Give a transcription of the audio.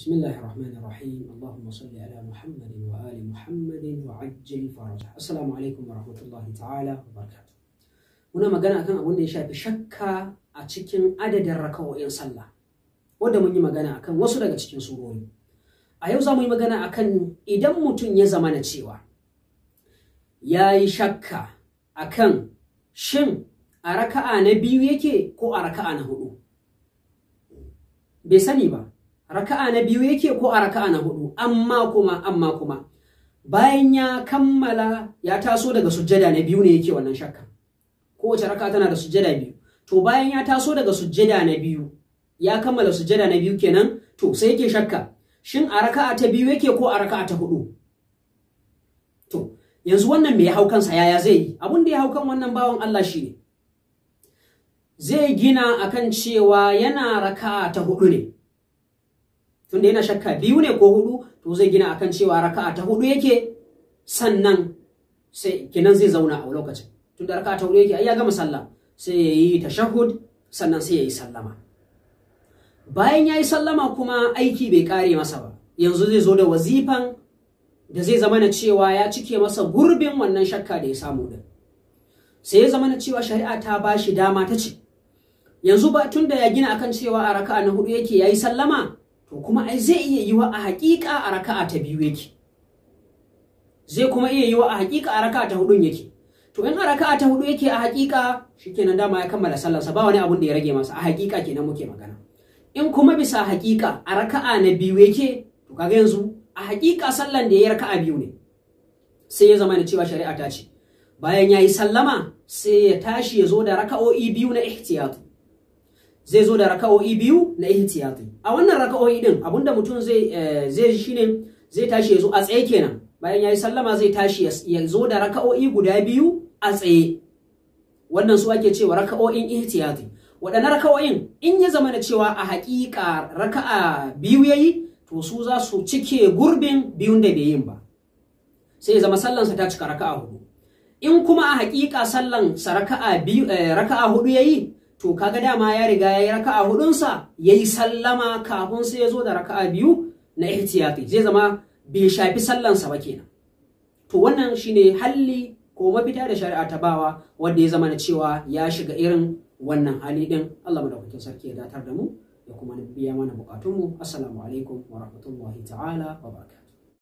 بسم الله الرحمن الرحيم اللهم صل على محمد وآل محمد وعجل فرجه السلام عليكم ورحمة الله تعالى وبركاته muna magana akan abin da ya shafi shakka a cikin adadin rakawoyin sallah wanda mun yi magana akan wasu daga cikin surori a yau za mu yi magana akan idan mutum ya zama na cewa ya yi shakka akan shin a raka'a na biyu yake ko a raka'a na hudu bai sani ba raka'a na biyu yake ko a raka'a na hudu amma kuma amma kuma bayan ya kammala ya taso daga sujjada na biyu ne yake wannan shakka kowace raka'a tana da sujjada biyu to bayan ya taso daga sujjada na biyu ya kammala sujjada na biyu kenan to sai yake shakka shin a raka'a ta biyu yake ko a raka'a ta hudu to yanzu wannan mai ya hau kansa yaya zai yi abun da ya hau kan wannan bawan Allah shi ne zai gina akan cewa yana raka'a ta hudu ne tunda yana shakka biyu ne ko hudu to zai gina akan cewa raka'a ta hudu yake sannan sai kenan zai zauna a lokacin tunda raka'a ta hudu yake ai ya gama sallah sai ya yi tashahhud sannan sai ya yi sallama bayan ya yi sallama kuma aiki bai kare masa ba yanzu zai zo da wazifan da zai zama na cewa ya cike masa gurbin wannan shakka da ya samu din sai ya zama na cewa shari'a ta bashi dama ta ce yanzu ba tunda ya gina akan cewa a raka'a na hudu yake ya yi sallama to kuma ai zai iya yiwa a haƙiƙa a raka'a ta biyu yake zai kuma iya yiwa a haƙiƙa a raka'a ta hudun yake to in a raka'a ta hudu yake a haƙiƙa shikenan dama ya kammala sallarsa ba wani abun da ya rage masa a haƙiƙa kenan muke magana in kuma bisa haƙiƙa a raka'a na biyu yake to kaga yanzu a haƙiƙa sallar da ya yi raka'a biyu ne sai ya zama da cewa shari'a ta ce bayan ya yi sallama sai ya tashi ya zo da raka'o'i biyu na ihtiyatu zai zo da raka'o'i biyu na ihtiyati a wannan raka'o'i din abinda mutum zai eh, zai shine zai tashi ya a tsaye kenan bayan yayi sallama zai tashi ya zo da raka'o'i guda biyu a tsaye wannan su ake cewa raka'o'in ihtiyati waɗannan raka'o'in in ya zama na cewa a haƙiƙa raka'a biyu yayi to su za su cike gurbin biyun da bai yin ba sai ya zama sallansa ta cika raka'a hudu in kuma a haƙiƙa sallan sa raka'a biyu eh, raka'a hudu yayi to kaga dama ya riga ya yi raka'a hudunsa ya yi sallama kafin sai ya zo da raka'a biyu na ihtiyati zai zama bai shafi sallansa ba kenan to wannan shine halli ko mafita da shari'a ta bawa wanda ya zama na cewa ya shiga irin wannan hali din Allah madaukakin sarki ya datar da mu da kuma biya mana bukatunmu assalamu alaikum wa rahmatullahi ta'ala wa barakatuh